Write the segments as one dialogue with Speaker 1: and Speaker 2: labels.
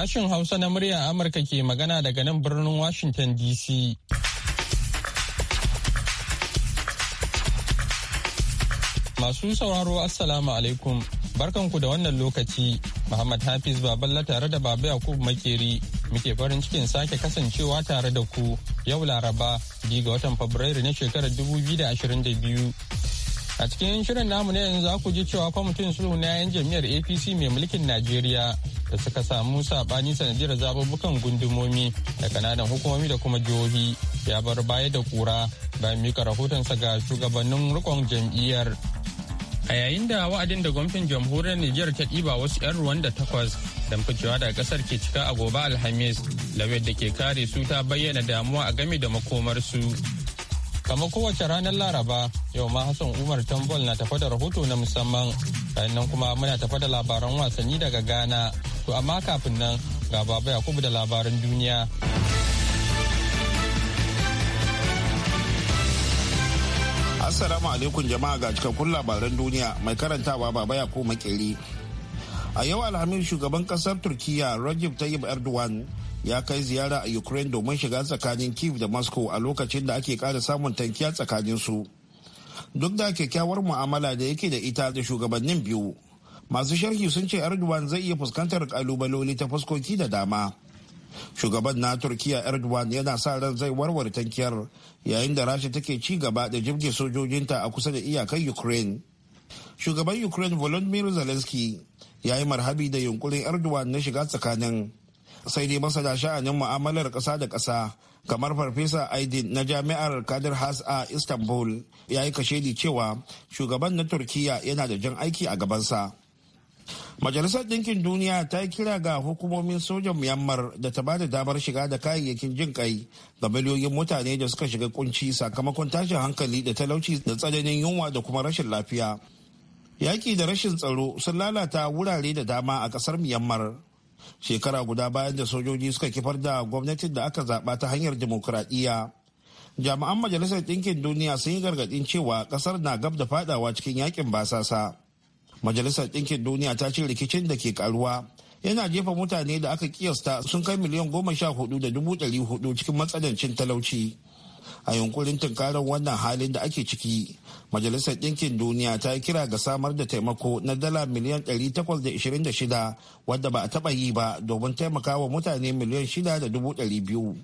Speaker 1: Sashen Hausa na murya Amurka ke magana daga nan birnin Washington DC. Masu sauraro Assalamu alaikum. Barkanku da wannan lokaci, Muhammad Hafiz Baballa tare da Baba Yakub Makeri muke farin cikin sake kasancewa tare da ku yau Laraba, ga watan Fabrairu na shekarar 2022. A cikin shirin namu na yanzu ku ji cewa kwamitin sulhu na 'yan jam'iyyar APC mai mulkin Najeriya da suka samu saɓani sanadiyar zababukan gundumomi da kananan hukumomi da kuma jihohi ya bar baya da kura bayan mika rahotonsa ga shugabannin rikon jam'iyyar a yayin da wa'adin da gwamnatin jamhuriyar niger ta ɗiba wasu 'yan da takwas don ficewa daga ƙasar ke cika a gobe alhamis lauyar da ke kare su ta bayyana damuwa a game da makomarsu kamar kowace ranar laraba yau ma hassan umar tambol na tafa da rahoto na musamman bayan nan kuma muna tafa da labaran wasanni daga ghana To amma kafin nan ga baba Yakubu da labaran duniya.
Speaker 2: Assalamu alaikum jama'a ga cikakkun labaran duniya mai karantawa baba Yakubu makeri. A yau alhamis shugaban kasar Turkiyya Recep Tayyip Erdogan ya kai ziyara a Ukraine domin shiga tsakanin Kyiv da Moscow a lokacin da ake kara samun tankiya tsakanin su. Duk da kyakkyawar mu'amala da yake da ita da shugabannin biyu, masu sharhi sun ce erdogan zai iya fuskantar kalubaloli ta fuskoki da dama shugaban na turkiya erdogan yana sa ran zai warware tankiyar yayin da rasha take ci gaba da jibge sojojinta a kusa da iyakar ukraine shugaban ukraine volodymyr zelensky ya yi marhabi da yunkurin erdogan na shiga tsakanin sai dai masana sha'anin mu'amalar ƙasa da ƙasa kamar farfesa aidin na jami'ar kadir has a istanbul ya yi kashedi cewa shugaban na turkiya yana da jan aiki a gabansa Majalisar Ɗinkin Duniya ta yi kira ga hukumomin sojan Myanmar da ta bada damar shiga da kayayyakin jin kai ga miliyoyin mutane da suka shiga kunci sakamakon tashin hankali da talauci da tsananin yunwa da kuma rashin lafiya. Yaƙi da rashin tsaro sun lalata wurare da dama a ƙasar Myanmar. Shekara guda bayan da sojoji suka kifar da gwamnatin da aka zaɓa ta hanyar dimokuraɗiyya. Jami'an Majalisar Ɗinkin Duniya sun yi gargaɗin cewa ƙasar na gab da faɗawa cikin yakin basasa. majalisar ɗinkin duniya ta ce rikicin da ke karuwa yana jefa mutane da aka kiyasta sun kai miliyan goma sha hudu da dubu ɗari hudu cikin matsanancin talauci a yunkurin tunkarar wannan halin da ake ciki majalisar ɗinkin duniya ta kira ga samar da taimako na dala miliyan ɗari takwas da da ishirin shida wadda ba a taɓa yi ba domin taimaka wa mutane miliyan shida da dubu biyu.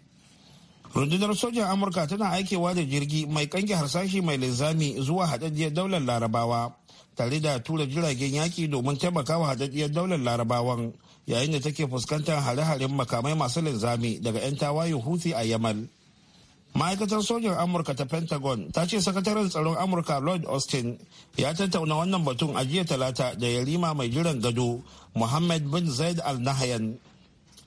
Speaker 2: rundunar sojan amurka tana aikewa da jirgi mai kange harsashi mai linzami zuwa haɗaɗɗiyar daular larabawa tare da tura jiragen yaki domin taimakawa haɗaɗɗiyar daular larabawan yayin da take fuskantar hare-haren makamai masu linzami daga 'yan tawayen huthi a yamal ma'aikatar sojan amurka ta pentagon ta ce sakataren tsaron amurka lloyd austin ya tattauna wannan batun a jiya talata da yarima mai jiran gado muhammad bin zaid al-nahyan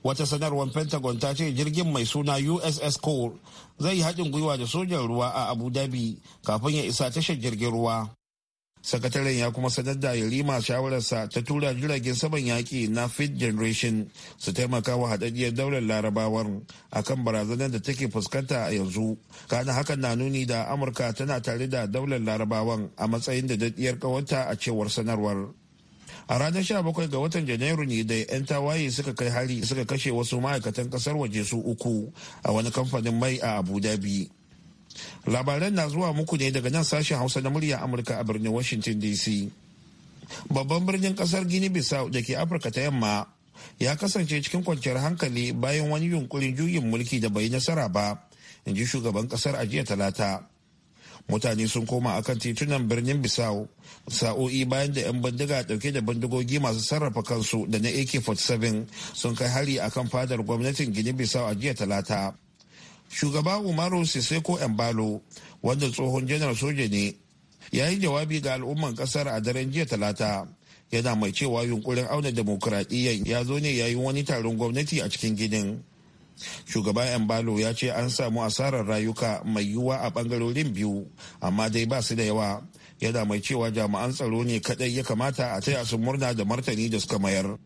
Speaker 2: wata sanarwar pentagon ta ce jirgin mai suna uss cole zai yi haɗin gwiwa da sojan ruwa a abu dhabi kafin ya isa tashar jirgin ruwa sakataren ya kuma sanar da yarima shawararsa ta tura jiragen saman yaƙi na fit generation su taimaka wa haɗaɗɗiyar daular larabawar akan barazanar da take fuskanta a yanzu kana hakan na nuni da amurka tana tare da daular larabawan a matsayin da daɗiyar ƙawarta a cewar sanarwar a ranar 17 ga watan janairu ne da 'yan tawaye suka kai hari suka kashe wasu ma'aikatan kasar waje su uku a wani kamfanin mai a abu dhabi labaran na zuwa muku ne daga nan sashen hausa na murya amurka a birnin washington dc babban birnin kasar gini bissau da ke afirka ta yamma ya kasance cikin kwanciyar hankali bayan wani yunkurin juyin mulki da bai nasara ba in ji shugaban kasar a jiya talata mutane sun koma akan titunan birnin bisau sa'o'i bayan da 'yan bindiga dauke da bindigogi masu sarrafa kansu da na ak-47 sun kai hari akan fadar gwamnatin gini bisau a jiya talata shugaba umaru siseko embalo wanda tsohon janar soja ne ya yi jawabi ga al'umman kasar a daren jiya talata yana mai cewa yunkurin auna demokuraɗiyya ya zo ne yayin wani taron gwamnati a cikin ginin Shugaban Embalo ya ce an samu asarar rayuka mai yiwuwa a bangarorin biyu, amma dai ba su da yawa. Yana mai cewa jami'an tsaro ne kadai ya kamata a taya su murna da martani da suka mayar.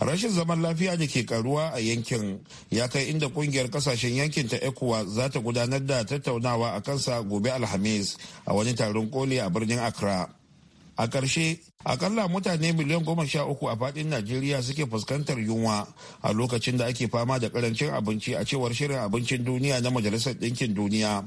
Speaker 2: rashin zaman lafiya da ke karuwa a yankin ya kai inda kungiyar kasashen yankin ta ecowa za ta gudanar da tattaunawa a kansa gobe alhamis a wani taron koli a birnin accra a ƙarshe akalla mutane miliyan goma sha uku a faɗin najeriya suke fuskantar yunwa a lokacin da ake fama da ƙarancin abinci a cewar shirin abincin duniya na majalisar ɗinkin duniya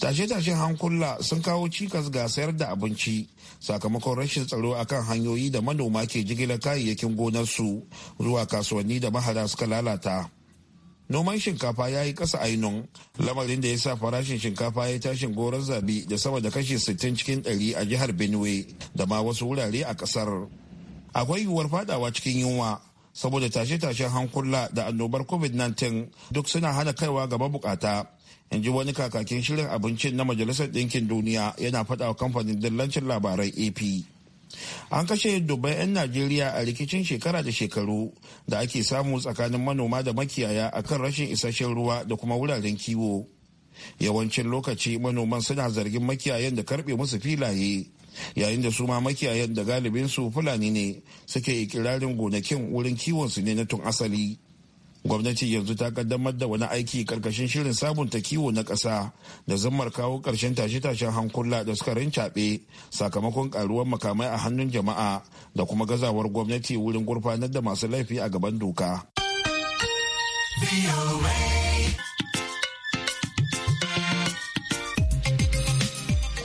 Speaker 2: tashe-tashen hankula sun kawo cikas ga sayar da abinci sakamakon rashin tsaro akan hanyoyi da manoma ke jigilar kayayyakin gonarsu zuwa kasuwanni da mahada suka lalata noman shinkafa ya yi kasa ainun lamarin da ya sa farashin shinkafa ya tashin goron zabi da sama da kashi 60 cikin 100 a jihar benue da ma wasu wurare a kasar. akwai yiwuwar fadawa cikin yunwa saboda tashe-tashen hankula da annobar covid-19 duk suna hana kaiwa gaba bukata in ji wani kakakin shirin abincin na majalisar ɗinkin duniya yana faɗawa kamfanin dillancin labarai ap an kashe dubban 'yan najeriya a rikicin shekara da shekaru da ake samu tsakanin manoma da makiyaya a kan rashin isasshen ruwa da kuma wuraren kiwo yawancin lokaci manoman suna zargin makiyayan da karbe musu filaye yayin da su ma makiyayan da galibinsu fulani ne suke ikirarin gonakin wurin kiwonsu ne na tun asali gwamnati yanzu ta kaddamar da wani aiki karkashin shirin sabunta kiwo na ƙasa da zammar kawo ƙarshen tashe-tashen hankula da suka rincaɓe sakamakon ƙaruwar makamai a hannun jama'a da kuma gazawar gwamnati wurin gurfanar da masu laifi a gaban
Speaker 1: doka.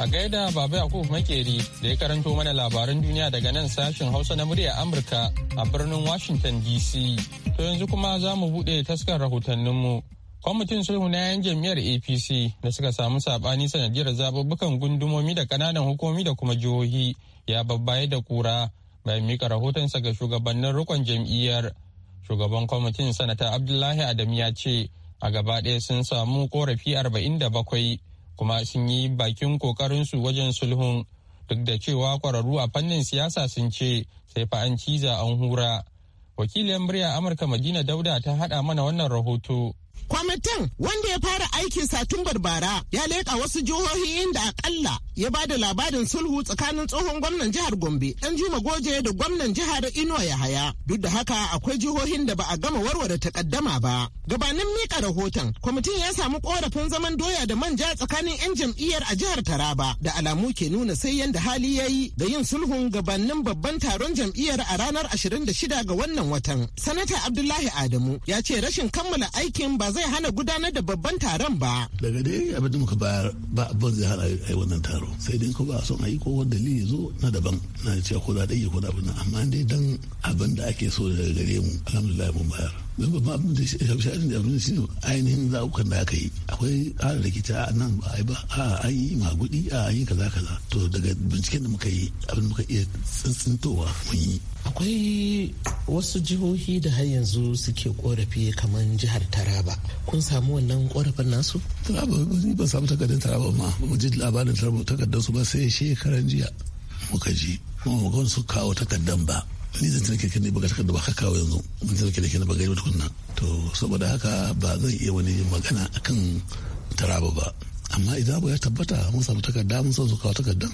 Speaker 1: A gaida Baba Yakubu Makeri da ya karanto mana labaran duniya daga nan sashen Hausa na murya Amurka a birnin Washington DC. To yanzu kuma za mu buɗe taskar rahotanninmu. Kwamitin sulhu na yan jam'iyyar APC da suka samu saɓani sanadiyar zaɓuɓɓukan gundumomi da ƙananan hukumomi da kuma jihohi ya babbaye da kura bayan mika rahotonsa ga shugabannin rikon jam'iyyar. Shugaban kwamitin sanata Abdullahi Adam ya ce a gaba ɗaya sun samu korafi arba'in da bakwai. kuma sun yi bakin su wajen sulhun duk da cewa kwararru a fannin siyasa sun ce sai fa an ciza an hura wakilin murya amurka madina dauda ta haɗa mana wannan rahoto Kwamitin
Speaker 3: wanda ya fara aikin Satumbar bara ya leƙa wasu jihohi inda akalla ya ba da labarin sulhu tsakanin tsohon gwamnan jihar Gombe dan Juma Goje da gwamnan jihar Inuwa haya. Duk da haka akwai jihohin da ba a gama warware takaddama ba. Gabanin mika rahoton, kwamitin ya samu korafin zaman doya da manja tsakanin 'yan jam'iyyar a jihar Taraba da alamu ke nuna sai yanda hali ya yi da yin sulhun gabanin babban taron jam'iyyar a ranar 26 ga wannan watan. Sanata Abdullahi Adamu ya ce rashin kammala aikin ba zai hana gudanar da babban taron ba.
Speaker 4: Daga dai abin da muka bayar ba abin zai hana a wannan taro sai dai ko ba son a yi ko wani dalili zo na daban na cewa ko za a ko da abin amma dai dan abin da ake so daga gare mu alhamdulillah mun bayar. babban abin da abin da ainihin zaɓukan da aka yi akwai da rikita a nan ba a ba a an yi magudi a an yi kaza kaza to daga binciken da muka yi
Speaker 3: abin muka iya tsintsintowa mun yi akwai wasu jihohi da har yanzu suke korafi kamar jihar taraba kun samu wannan korafin nasu taraba ni samu takardar taraba ma mu ji labarin taraba takardar su ba sai shekaran jiya
Speaker 4: muka ji kuma su kawo takardar ba ni zan tana kirkin ne ba ta da ba kawo yanzu mun tana kirkin ne ba gari tukunna to saboda haka ba zan iya wani magana kan taraba ba amma idan abu ya tabbata mun samu takarda mun san su kawo dan.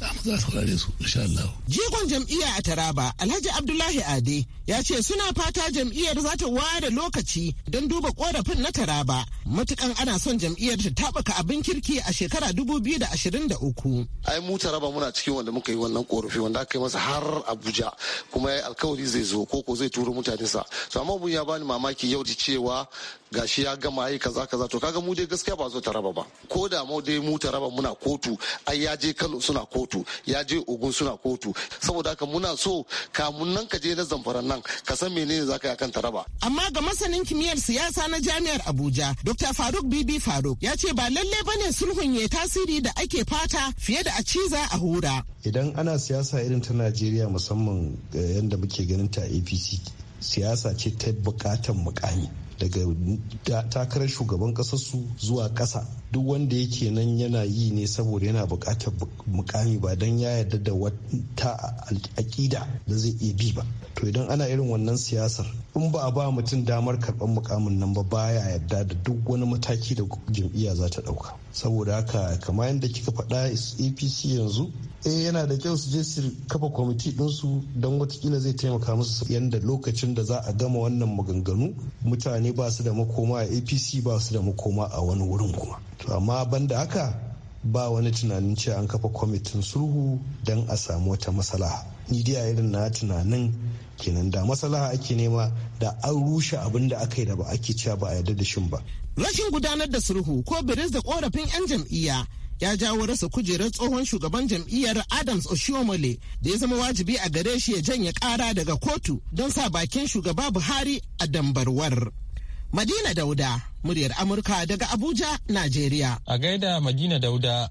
Speaker 3: za su saurare su insha Allah. Jigon jam'iyya a Taraba Alhaji Abdullahi Ade ya ce suna fata jam'iyyar za ta ware lokaci don duba korafin na Taraba matukan ana son jam'iyyar ta tabaka abin kirki a shekara 2023.
Speaker 5: Ai mu Taraba muna cikin wanda muka yi wannan korafi wanda aka yi masa har Abuja kuma ya alkawari zai zo ko ko zai turo mutane sa. To amma bun ya bani mamaki yau da cewa gashi ya gama yi kaza kaza to kaga mu dai gaskiya ba zo ta raba ba ko da mu dai mu ta raba muna kotu ai ya je Kano suna kotu ya je Ogun suna kotu saboda haka muna so kamun nan ka je na zamfaran nan ka san menene zaka yi akan raba.
Speaker 3: amma ga masanin kimiyyar siyasa na jami'ar Abuja Dr Faruk Bibi Faruk ya ce ba lalle bane sulhun ya tasiri da ake fata fiye da a ciza a hura
Speaker 5: idan ana siyasa irin ta Najeriya musamman yadda muke ganin ta APC siyasa ce ta bukatan mukami daga takarar shugaban su zuwa ƙasa duk wanda yake nan yana yi ne saboda yana bukatar mukami ba don ya yarda da wata aƙida da zai iya bi ba to idan ana irin wannan siyasar in ba a ba mutum damar karɓar mukamin nan ba baya yarda da duk wani mataki da jam'iyya za ta ɗauka saboda haka kamar yadda kika faɗa apc yanzu eh yana da kyau su je su kafa kwamiti ɗinsu don watakila zai taimaka musu yadda lokacin da za a gama wannan maganganu mutane ba su da makoma a apc ba su da makoma a wani wurin kuma to amma banda haka ba wani tunanin cewa an kafa kwamitin sulhu don a samu wata masalaha ni dai a irin na tunanin kenan da masalaha ake nema da an rushe abin da aka yi da ba ake cewa ba a yarda da shin ba rashin gudanar da sulhu ko
Speaker 3: biris da korafin 'yan jam'iyya ya jawo rasa kujerar tsohon shugaban jam'iyyar adams oshiomole da ya zama wajibi a gare shi ya janye kara daga kotu don sa bakin shugaba buhari a dambarwar Madina Dauda, muryar Amurka daga Abuja, Najeriya.
Speaker 1: A gaida Madina Dauda,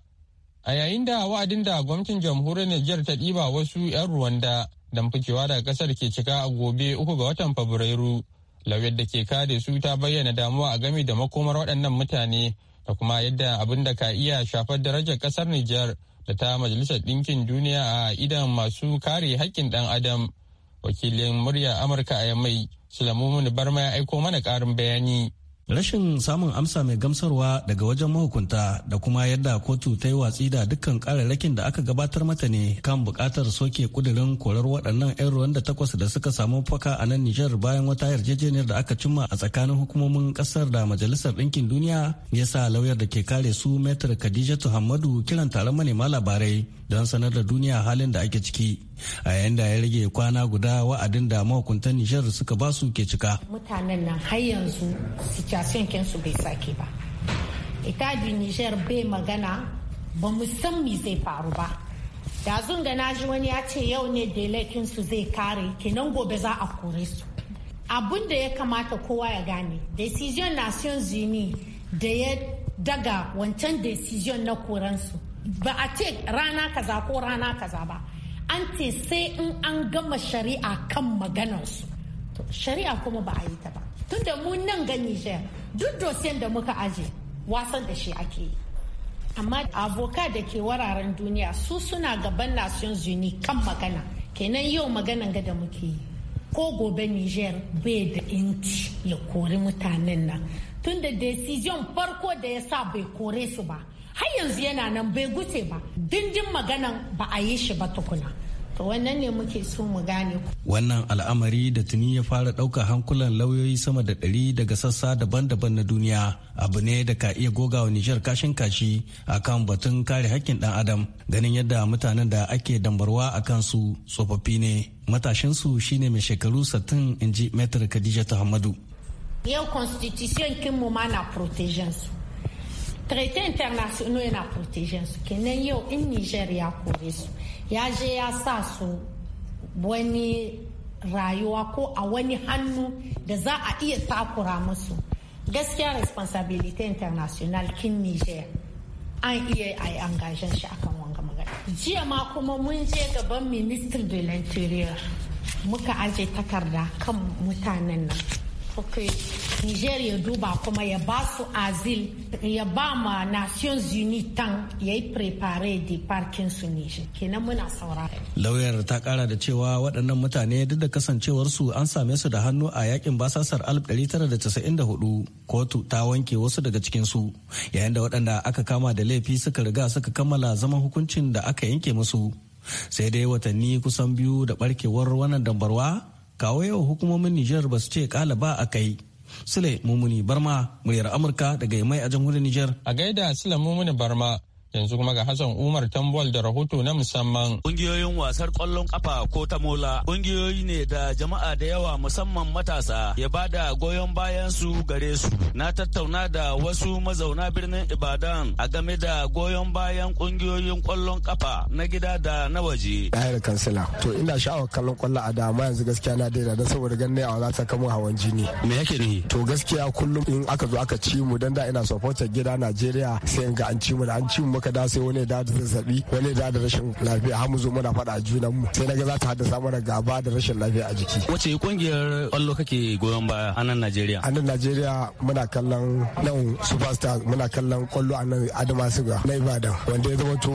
Speaker 1: a yayin da wa'adin da gwamnatin jamhuriyar Nijar ta ɗiba wasu 'yan Ruwanda don ficewa daga ƙasar ke cika a gobe uku ga watan Fabrairu. Lauyar da ke kare su ta bayyana damuwa a game da makomar waɗannan mutane da kuma yadda abin da ka iya shafar darajar ƙasar Nijar da ta Majalisar Ɗinkin Duniya a idan masu kare haƙƙin ɗan Adam. Wakilin murya Amurka a yammai. Sulaimu Barma ya aiko mana ƙarin bayani. rashin samun amsa mai gamsarwa daga wajen
Speaker 6: mahukunta da kuma yadda kotu ta yi watsi da dukkan kararrakin da aka gabatar mata ne kan bukatar soke kudirin korar waɗannan 'yan ruwan da takwas da suka samu faka a nan nijar bayan wata yarjejeniyar da aka cimma a tsakanin hukumomin ƙasar da majalisar ɗinkin duniya ya sa lauyar da ke kare su metar khadijatu hamadu kiran taron manema labarai don sanar da duniya halin da ake ciki a yayin da ya rage kwana guda wa'adin da mahukuntan nijar suka basu ke cika
Speaker 7: mutanen nan har yanzu su mobilization kinsu bai sake ba ita bi niger bai magana ba mu san me zai faru ba da zunga na ji wani ya ce yau ne da su zai kare kenan gobe za a kore su abun da ya kamata kowa ya gane decision nations zini da ya daga wancan decision na koransu ba a ce rana kaza ko rana kaza ba an ce sai in an gama shari'a kan maganarsu shari'a kuma ba a yi ta ba tunda mu nan ga Nijar duk dosiyan da muka aje wasan da shi ake yi. Amma aboka da ke wararen duniya su suna gaban Nations Union kan magana. Kenan yau maganan ga da muke yi. Ko gobe Nijar bai da inci ya kori mutanen nan. Tunda decision farko da ya sa bai kore su ba. Har yanzu yana nan bai gutse ba. Dindin maganan ba a yi shi ba tukuna. wannan ne muke so mu gane ku.
Speaker 6: wannan al'amari da tuni ya fara ɗaukar hankulan lauyoyi sama da ɗari daga sassa daban-daban na duniya abu ne da ka iya wa nijar kashin kashi a kan batun kare hakkin ɗan adam ganin yadda mutanen da ake dambarwa a kansu tsofaffi ne matashinsu shine mai shekaru satin inji metar khadija hamadu
Speaker 7: yau constitution kinmu ma na protection su traité international yana protection su kenan yau in niger ya kore su ya je ya sa su wani rayuwa ko a wani hannu da za a iya takura musu gaskiya responsibility international kin niger an iya a yi angajen shi akan wanga magana jiya ma kuma mun je gaban minister de l'interior muka aje takarda kan mutanen nan Niger ya duba kuma ya ba su azil ya ba ma Nations Unit tan ya yi prepare da parkin su Niger. Kenan muna saura
Speaker 6: Lauyar ta kara da cewa waɗannan mutane duk da kasancewarsu an same su da hannu a yakin basasar 1994 kotu ta wanke wasu daga cikinsu yayin da waɗanda aka kama da laifi suka riga suka kammala zaman hukuncin da aka yanke musu. sai dai watanni kusan biyu da barkewar wannan dambarwa kawo yau hukumomin Nijar ba su ce
Speaker 1: kala ba a kai Sule Mumuni Barma, muryar Amurka daga Yamai a jamhuriyar Nijar. A gaida Sule Mumuni Barma, yanzu kuma ga Hassan Umar Tambol da rahoto na musamman. Kungiyoyin
Speaker 4: wasar kwallon kafa ko ta mola kungiyoyi ne da jama'a da yawa musamman matasa ya bada goyon bayan su gare su. Na tattauna da wasu mazauna birnin Ibadan a game da goyon bayan kungiyoyin kwallon kafa na gida da na waje.
Speaker 8: Dahir kansila to ina sha'awar kallon kwallo a dama yanzu gaskiya na daina don saboda ganin a wala kamo hawan jini. Me yake ne? To gaskiya kullum in aka zo aka ci mu dan da ina supporter gida Najeriya sai in ga an ci mu da an ci mu muka da sai wani da da zazzabi wani da da rashin lafiya har mu zo muna faɗa junan mu sai naga za ta haddasa mana gaba da rashin lafiya a jiki
Speaker 4: wace kungiyar kwallo kake goyon baya a nan Najeriya
Speaker 8: a nan Najeriya muna kallon nan superstar muna kallon kwallo a nan Adama Siga na Ibadan wanda ya zama to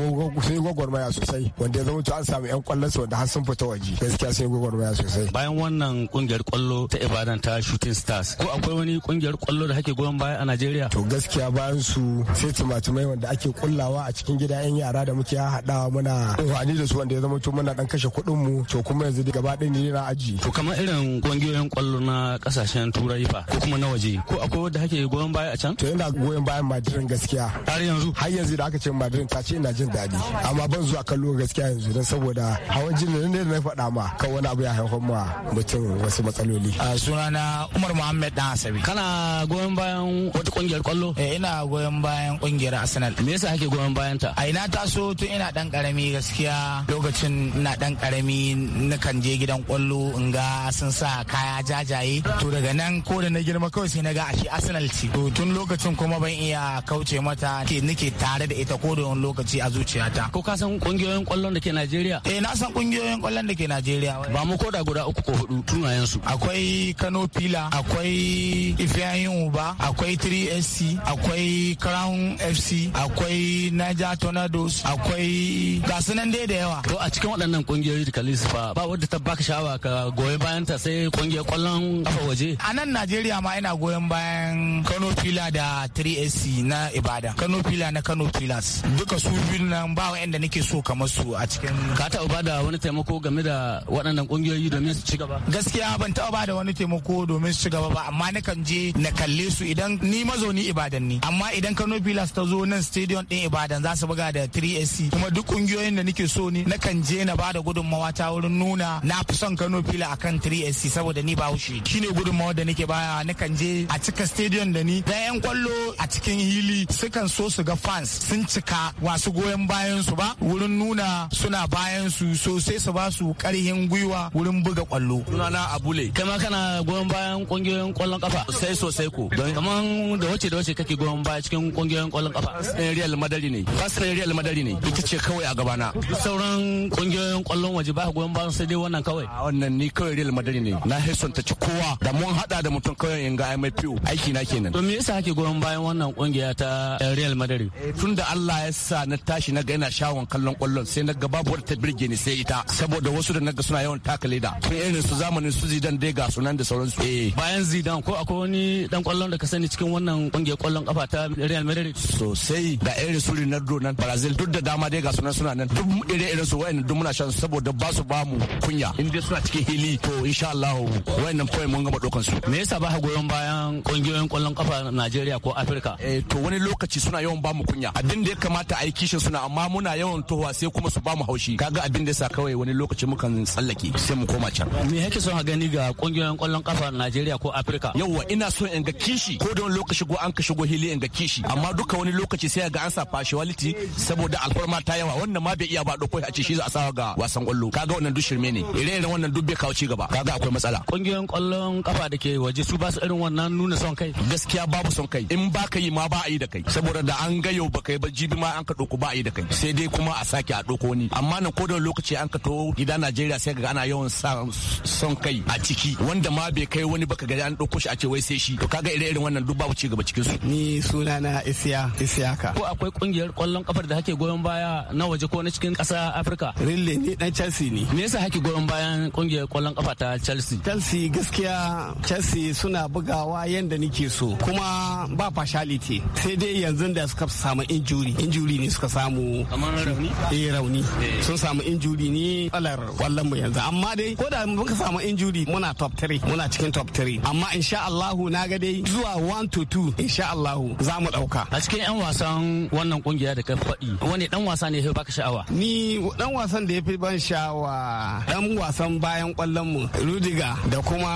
Speaker 8: sai gwagwarmaya sosai wanda ya zama to an samu yan kwallon su wanda har sun fita waje gaskiya sai gwagwarmaya sosai
Speaker 4: bayan wannan kungiyar kwallo ta Ibadan ta Shooting Stars ko akwai wani kungiyar kwallo da kake goyon baya a Najeriya to
Speaker 8: gaskiya bayan su sai tumatumai wanda ake kullawa hadawa a cikin gida yan yara da muke hadawa muna amfani da su wanda ya zama to muna dan kashe kuɗin mu to kuma yanzu gaba ɗaya ne na aji to kamar irin kungiyoyin kwallo na kasashen turai fa ko kuma na waje ko
Speaker 4: akwai wanda hake goyon baya a
Speaker 8: can to ina goyon bayan madirin gaskiya har yanzu har yanzu da aka ce madirin ta ce ina jin daɗi amma ban zuwa kallo gaskiya yanzu don saboda hawan jin ne na faɗa ma kan wani abu ya haifar ma
Speaker 9: mutum wasu matsaloli sunana umar muhammad dan asabi kana goyon bayan wata kungiyar kwallo eh ina goyon bayan kungiyar arsenal me yasa hake goyon goyon ta. a ina so tun ina dan karami gaskiya lokacin ina dan karami nakan je gidan kwallo in ga sun sa kaya jajaye to daga nan ko da na girma kawai sai na ga ashe arsenal ce to tun lokacin kuma ban iya kauce mata ke nake tare da ita ko da wani lokaci a zuciyata ko ka san kungiyoyin kwallon da ke Najeriya eh na san kungiyoyin kwallon da ke Najeriya ba mu koda guda uku ko hudu tunayen su akwai Kano Pila akwai Ifeanyi Uba akwai 3SC akwai Crown FC
Speaker 4: akwai Niger Tornadoes akwai gasu nan dai da yawa. To a cikin waɗannan ƙungiyoyi da ba lissafa ba wadda ta baka shawa ka goyi bayan ta sai ƙungiyar ƙwallon kafa waje.
Speaker 9: A nan Najeriya ma ina goyon bayan Kano Pila da 3SC na Ibadan. Kano
Speaker 4: Pila na Kano Pilas. Duka su biyu nan ba wa'anda nake so kamar su a cikin. Ka taɓa ba da wani taimako game da waɗannan ƙungiyoyi domin su ci gaba? Gaskiya
Speaker 9: ban taɓa ba da wani taimako domin su ci gaba ba amma nakan je na kalle su idan ni
Speaker 4: mazauni Ibadan ne.
Speaker 9: Amma idan Kano Pilas ta zo nan stadium ɗin Ibadan ibadan za su buga da 3sc kuma duk kungiyoyin da nake so ne na kan je na bada gudunmawa ta wurin nuna na fi son kano fila akan 3sc saboda ni ba shi shine gudunmawa da nake baya na kan je a cika stadium da ni da yan kwallo a cikin hili sukan so su ga fans sun cika wasu goyon bayan su ba wurin nuna suna bayan su so
Speaker 4: sai su ba su karhin gwiwa wurin buga kwallo sunana abule kama kana goyon bayan kungiyoyin kwallon kafa sai sosai ko don kaman da wace da wace kake goyon baya cikin kungiyoyin kwallon kafa eh, real madrid ne kasar real madari ne ita ce kawai a gabana sauran kungiyoyin kwallon waje ba goyon bayan sai dai wannan kawai wannan ni kawai real madari ne na hison ta ci kowa da mun hada da mutum kawai in ga MFU aiki na kenan to me yasa kake goyon bayan wannan kungiya ta eh, real madari eh, da Allah ya sa na tashi na ga ina shawon kallon kwallon sai na ga babu ta birge ni sai ita saboda wasu da naga suna yawan taka leda kun irin su zamanin su zidan dai ga sunan da sauransu eh bayan zidan ko akwai wani dan kwallon da ka sani cikin wannan kungiyar kwallon kafa ta real madari sosai da irin su Na donan Brazil duk da dama dai ga suna suna nan duk ire-iren su wayan duk muna shan saboda ba su ba mu kunya in dai suna cikin hili to insha Allah nan point mun gama dokan su me yasa ba ha goyon bayan kungiyoyin kwallon kafa Najeriya ko Africa eh to wani lokaci suna yawan ba mu kunya abin da ya kamata a yi kishin suna amma muna yawan tohuwa sai kuma su ba mu haushi kaga abin da yasa kawai wani lokaci mukan tsallake sai mu koma can me yake son gani ga kungiyoyin kwallon kafa Najeriya ko Africa yawa ina son in ga kishi ko don lokaci go an ka shigo hili in ga kishi amma duka wani lokaci sai ga an sa shawaliti saboda alfarma ta yawa wannan ma bai iya ba dokoi a ce shi za a sawa ga wasan kwallo kaga wannan duk shirme ne ire-iren wannan duk bai kawo ci gaba kaga akwai matsala kungiyoyin kwallon kafa da ke waje su ba su irin wannan nuna son kai gaskiya babu son kai in ba ka yi ma ba a yi da kai saboda da an ga yau ba kai ba jibi ma an ka doko ba a yi da kai sai dai kuma a sake a doko ni. amma nan ko da lokaci an ka to gida Najeriya sai ga ana yawan son kai a ciki wanda ma bai kai wani baka gari an doko shi a ce wai sai shi to kaga ire-iren wannan duk babu ci gaba cikin su
Speaker 10: ni sunana Isiya ka ko
Speaker 4: akwai kungiyar kwallon kafar da hake goyon baya na waje ko na cikin ƙasa Afirka? Rille ne dan Chelsea ne. Me yasa hake goyon bayan kungiyar kwallon kafa ta Chelsea? Chelsea gaskiya Chelsea
Speaker 10: suna bugawa yanda nake so kuma ba fashaliti. sai dai yanzu da suka samu injuri injuri ne suka samu kamar rauni eh rauni eh. sun samu injuri ne alar kwallon mu yanzu amma dai ko da muka samu injuri muna top 3 muna cikin top 3 amma insha Allah na ga dai zuwa 1 to 2 insha Allah za mu dauka a cikin yan wasan
Speaker 4: wannan kungiya da ka faɗi wani dan wasa ne ya baka sha'awa
Speaker 10: ni dan wasan da ya fi ban sha'awa dan wasan bayan kwallon mu rudiga da kuma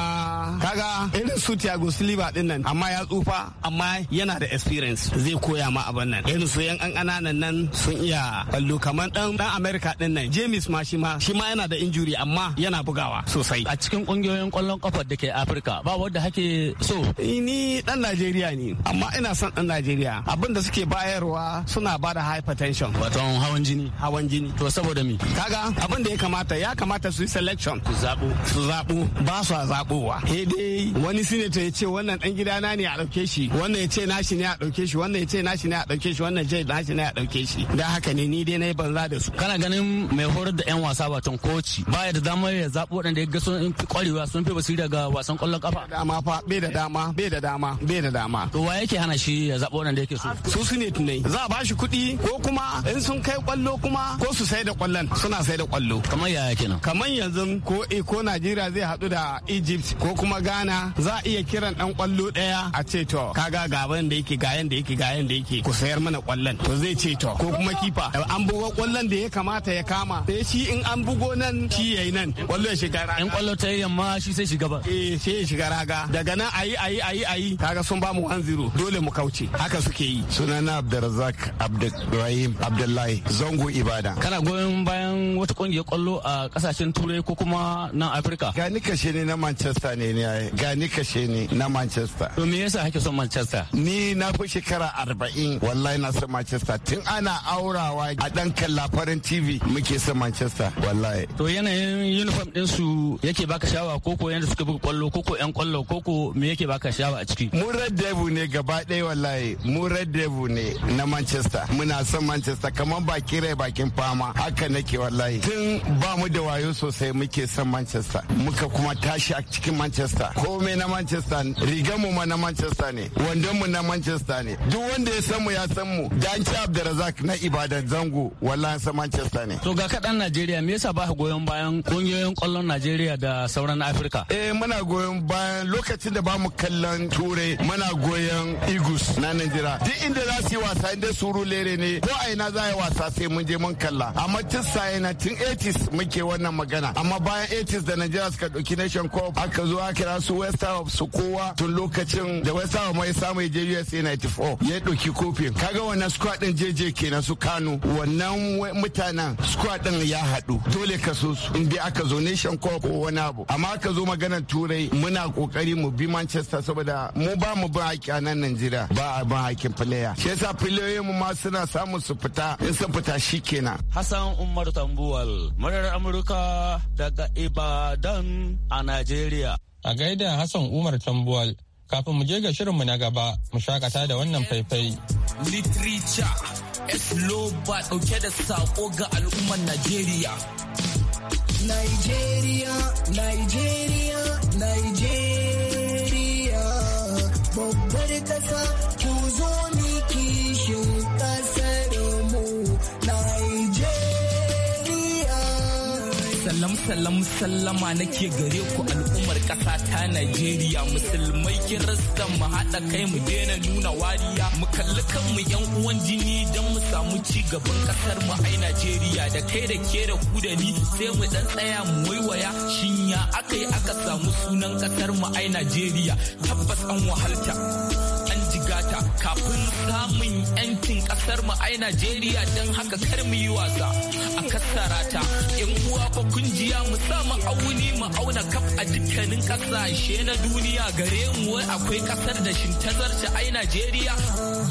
Speaker 10: kaga irin su Thiago Silva din nan amma ya tsufa amma yana da experience zai koya ma abin nan irin su yan an kananan nan sun iya kallo kamar dan dan America din nan James ma shi ma shi ma yana da injury amma yana bugawa sosai a cikin kungiyoyin kwallon kafa da ke africa ba wanda hake so eh, ni dan Najeriya ne amma ina son dan Najeriya abin da suke bayarwa suna ba da hypertension wato hawan jini hawan jini to saboda me kaga abin da ya kamata ya kamata su yi selection su zabu su zabu ba su zabowa daidai wani sinata ya ce wannan dan gidana ne a dauke shi wannan ya ce nashi ne a dauke shi wannan ya ce nashi ne a dauke shi wannan
Speaker 4: jai nashi ne a dauke shi da haka ne ni dai na yi banza da su kana ganin mai horar da yan wasa batun koci baya da damar ya zaɓi waɗanda ya ga sun fi kwarewa sun fi basiri daga wasan kwallon kafa dama fa bai da dama bai da dama bai da dama to wa yake hana shi ya zaɓi waɗanda yake so su su ne tunai za
Speaker 10: a ba shi kuɗi ko kuma in sun kai kwallo kuma ko su sai da kwallon suna sai da kwallo kamar yaya kenan kamar yanzu ko eh, ko Najeriya zai haɗu da Egypt ko kuma kuma Ghana za a iya kiran dan kwallo daya a ce to kaga ga da yake ga yanda yake ga yanda yake ku sayar mana kwallon to zai ce to ko kuma kifa an bugo kwallon da ya kamata ya kama sai shi in an bugo nan shi yayi nan kwallo ya shiga raga in kwallo ta yamma shi sai shiga ba eh sai ya shiga raga daga nan ayi ayi ayi ayi kaga sun ba mu 1-0 dole mu kauce haka suke yi sunana abdurrazak abdurrahim Abdullahi Zango Ibada kana goyon bayan wata kungiyar kwallo a
Speaker 11: kasashen turai ko kuma nan Afirka ga ni kashe ne na Manchester ne ne yayi gani kashe ni na Manchester. To me yasa kake son Manchester? Ni na fi shekara arba'in wallahi na son Manchester tun ana aurawa a dan kalla farin TV muke son Manchester wallahi. To
Speaker 4: yanayin uniform din su yake baka shawa koko yanda suka buga kwallo koko yan kwallo koko me yake baka shawa a ciki? Mu Red
Speaker 11: Devil ne gaba ɗaya wallahi mu Red Devil ne na Manchester muna son Manchester kamar baki rai bakin fama haka nake wallahi tun ba mu da wayo sosai muke son Manchester muka kuma tashi a cikin Manchester manchester komai na manchester riga mu ma na manchester ne wandonmu mu na manchester ne duk wanda ya san mu ya san mu dan ci abdulrazak na ibadan zango wallahi san manchester ne
Speaker 4: to ga kaɗan najeriya me yasa ba ka goyon bayan kungiyoyin kwallon najeriya da sauran afirka eh muna goyon bayan lokacin da ba mu
Speaker 11: kallon turai muna goyon eagles na najeriya duk inda za su yi wasa inda suru lere ne ko a ina za a yi wasa sai mun je mun kalla amma tun saye na tun 80s muke wannan magana amma bayan 80s da najeriya suka dauki nation cup aka zuwa kira su west ham su kowa tun lokacin da west ham mai samu ya je usa 94 ya ɗauki kofin kaga wannan squad din jeje kenan su kano wannan mutanen squad din ya haɗu dole ka so su in dai aka zo nation ko ko wani abu amma aka zo maganar turai muna kokari mu bi manchester saboda mu ba mu ba haƙi a nan najeriya ba a ba haƙin player shi yasa filayoyin mu ma suna samun su fita in sun fita shikenan
Speaker 4: hassan umar tambuwal murar amurka daga ibadan a najeriya
Speaker 1: A gaida Hassan Umar Tambuwal kafin mu je ga mu na gaba mu shakata da wannan faifai.
Speaker 4: Literature
Speaker 9: is low Esloba ɗauke da saƙo ga al'ummar Najeriya. Nigeria, Nigeria, Nigeria, babbar ƙasa salam nake gare ku al'ummar ƙasa ta Najeriya musulmai rasta mu haɗa kai mu daina nuna wariya mu kalli kanmu yan uwan jini don mu samu ci gaban ƙasar mu ai Najeriya da kai da ke da ku da ni sai mu dan tsaya mu waiwaya shinya akai aka samu sunan ƙasar mu ai Najeriya tabbas an wahalta. kafin samun yancin kasar mu ai Najeriya don haka kar mu yi wasa a kasara ta yan uwa kun kunjiya mu sa mu auni mu auna kaf a dukkanin kasashe na duniya gare mu
Speaker 1: wai akwai kasar da shintazarta ai Najeriya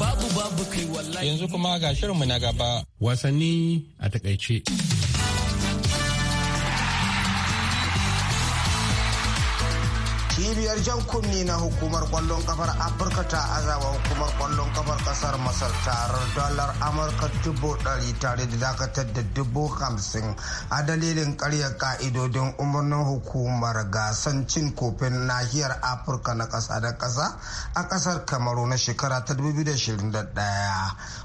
Speaker 1: babu babu kai wallahi yanzu kuma ga mu na gaba
Speaker 5: wasanni a takaice
Speaker 1: cibiyar jan kunni na
Speaker 12: hukumar kwallon kafar afirka ta azawa hukumar kwallon kafar kasar masar tarar dalar amurka dubu dari tare da dakatar da dubu hamsin a dalilin karya ka'idodin umarnin hukumar gasan cin kofin nahiyar afirka na kasa da kasa a ƙasar kamaru na shekara ta 2021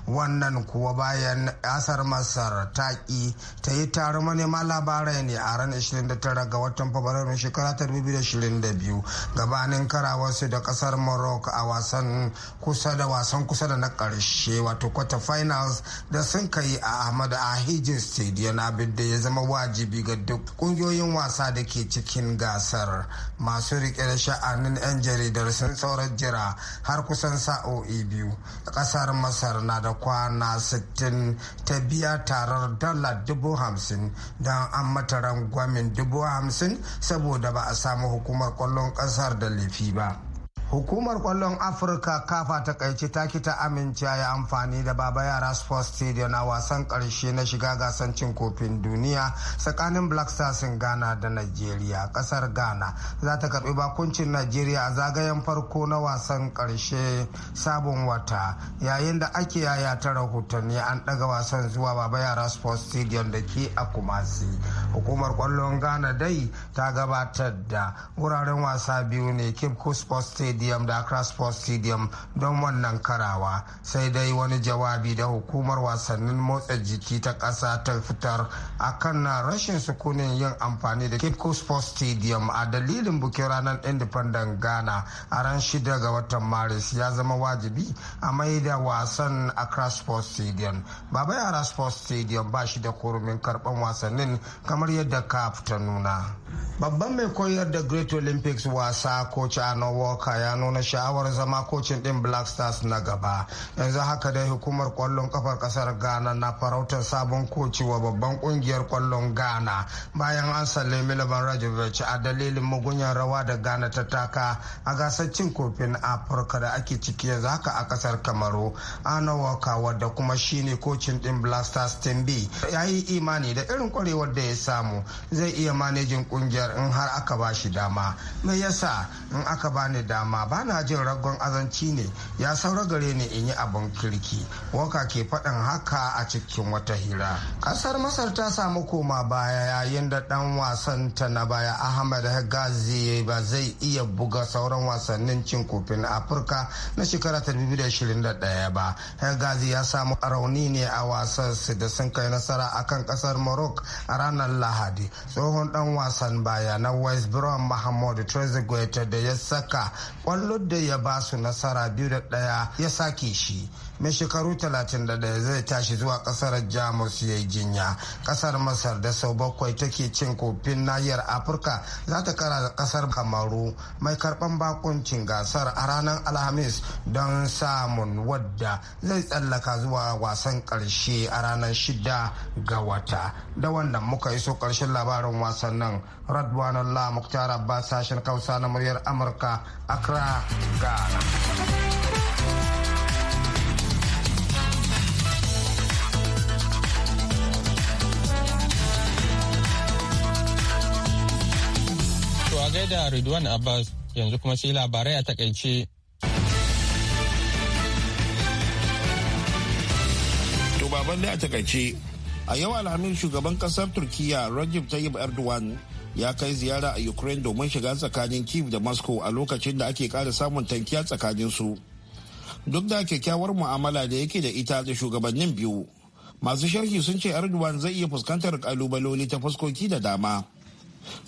Speaker 12: wannan kuwa bayan kasar masar ta ƙi ta yi taron manema labarai ne a ranar 29 ga watan fabrairu shekara ta 2022 gabanin karawarsu da kasar morocco a wasan kusa da wasan kusa da na karshe wato quarter finals da sun kai a ahmad ahijin stadium abin da ya zama wajibi ga duk kungiyoyin wasa da ke cikin gasar masu rike da sha'anin 'yan jaridar sun saurar jira har kusan sa'o'i biyu kasar masar na da kwana 60 ta biya tarar dala dubu hamsin don an mata rangwamin dubu hamsin saboda ba a samu hukumar kwallon ƙasar da laifi ba hukumar kwallon afirka kafa ta kaici ta kita amince ya amfani da baba yara sports stadium a wasan karshe na shiga gasan cin kofin duniya tsakanin black stars ghana da nigeria kasar ghana za ta karbi bakuncin nigeria a zagayen farko na wasan karshe sabon wata yayin da ake yaya ta rahotanni an daga wasan zuwa baba yara sports stadium da ke a kumasi hukumar kwallon ghana dai ta gabatar da wuraren wasa biyu ne cape coast sports stadium stadium da accra sports stadium don wannan karawa sai dai wani jawabi da hukumar wasannin motsa jiki ta ƙasa ta fitar a kan rashin sukunin yin amfani da cape sports stadium a dalilin bukin ranar independent ghana a ran shida ga watan maris ya zama wajibi a mai da wasan accra sports stadium baba yara sports stadium ba shi da kurumin karban wasannin kamar yadda kaf ta nuna babban mai koyar da great olympics wasa coach ano walker ya nuna sha'awar zama kocin din black stars na gaba yanzu haka dai hukumar kwallon kafar kasar ghana na farautar sabon koci wa babban kungiyar kwallon ghana bayan an sallami laban rajovic a dalilin mugunyar rawa da ghana ta taka a gasar cin kofin afirka da ake ciki yanzu haka a kasar kamaru ana waka wadda kuma shine kocin din black stars team b ya yi imani da irin kwarewar da ya samu zai iya manejin kungiyar in har aka ba shi dama me yasa in aka bani dama ba na jin ragon azanci ne ya saura gare ni in yi abin kirki waka ke faɗin haka a cikin wata hira ƙasar masar ta samu koma baya yayin da ɗan wasan ta na baya ahmad gazi ba zai iya buga sauran wasannin cin kofin afirka na shekara ta 2021 ba gazi ya samu rauni ne a wasan su da sun kai nasara akan ƙasar morocco a ranar lahadi tsohon ɗan wasan baya na west brom mahmud trezeguet da ya saka kwallon da ya ba su nasara biyu da ɗaya ya sake shi mai shekaru 31 zai tashi zuwa kasar jamus ya yi jinya kasar masar da sau bakwai take cin kofin nahiyar afirka za ta kara da kasar kamaru mai karban bakuncin gasar a ranar alhamis don samun wadda zai tsallaka zuwa wasan karshe a ranar shida ga wata da wannan muka iso karshen labarin wasan nan radwan allah muktar abbas sashen kausa na muryar amurka accra ghana
Speaker 1: da Ridwan Abbas yanzu kuma sai labarai a takaice.
Speaker 2: To baban da a takaice a yau alhamis shugaban kasar turkiyya Rajib Tayyip Erdogan ya kai ziyara a Ukraine domin shiga tsakanin Kyiv da Moscow a lokacin da ake kara samun tankiya tsakanin su. Duk da kyakkyawar mu'amala da yake da ita da shugabannin biyu. Masu sharhi sun ce Erdogan zai iya fuskantar kalubaloli ta fuskoki da dama.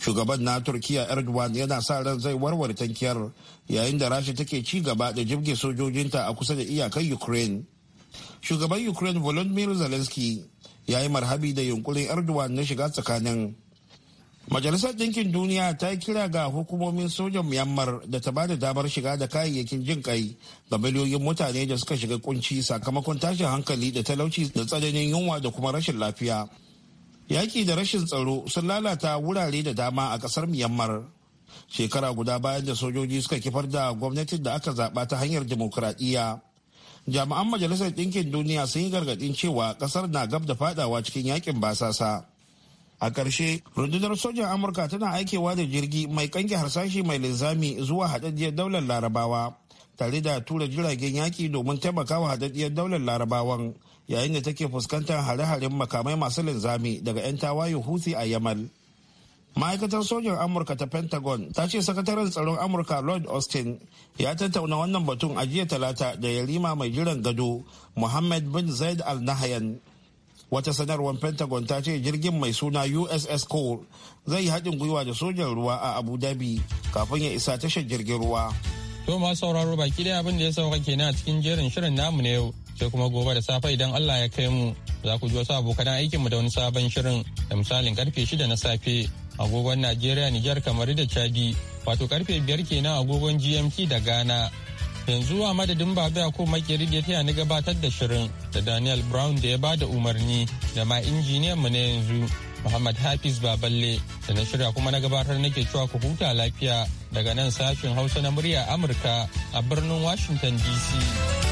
Speaker 2: shugaban na turkiya erdogan yana sa ran zai warware tankiyar yayin da rasha take ci gaba da jibge sojojinta a kusa da iyakar ukraine shugaban ukraine volodymyr zelensky ya yi marhabi da yunkurin erdogan na shiga tsakanin majalisar ɗinkin duniya ta yi kira ga hukumomin sojan myanmar da ta bada damar shiga da kayayyakin jin kai ga miliyoyin mutane da suka shiga kunci sakamakon tashin hankali da talauci da tsananin yunwa da kuma rashin lafiya Yaƙi da rashin tsaro sun lalata wurare da dama a ƙasar Myanmar. Shekara guda bayan da sojoji suka kifar da gwamnatin da aka zaɓa ta hanyar dimokuraɗiyya. Jami'an Majalisar Ɗinkin Duniya sun yi gargaɗin cewa ƙasar na gab da fadawa cikin yaƙin basasa. A ƙarshe, rundunar sojan Amurka tana aikewa da jirgi mai ƙange harsashi mai linzami zuwa haɗaɗɗiyar daular Larabawa, tare da tura jiragen yaƙi domin taimakawa haɗaɗɗiyar daular Larabawan yayin da take fuskantar hare-haren makamai masu linzami daga 'yan tawayen huthi a yamal ma'aikatar sojin amurka ta pentagon ta ce sakataren tsaron amurka lord austin ya tattauna wannan batun a jiya talata da yarima mai jiran gado muhammad bin zaid al nahyan wata sanarwar pentagon ta ce jirgin mai suna uss cole zai yi haɗin gwiwa da sojan ruwa a abu dhabi kafin ya isa tashar jirgin ruwa
Speaker 1: to ma sauraro baki da abin da ya sauka kenan a cikin jerin shirin namu na yau sai kuma gobe da safe idan Allah ya kai mu za ku ji wasu abokan aikin mu da wani sabon shirin da misalin karfe shida na safe agogon Najeriya niger kamar da Chadi wato karfe 5 kenan agogon GMT da Ghana yanzu a madadin babu ko makeri da taya ni gabatar da shirin da Daniel Brown da ya ba da umarni da ma injiniyan mu na yanzu Muhammad Hafiz Baballe da na shirya kuma na gabatar nake cewa ku huta lafiya daga nan sashin Hausa na murya Amurka a birnin Washington DC.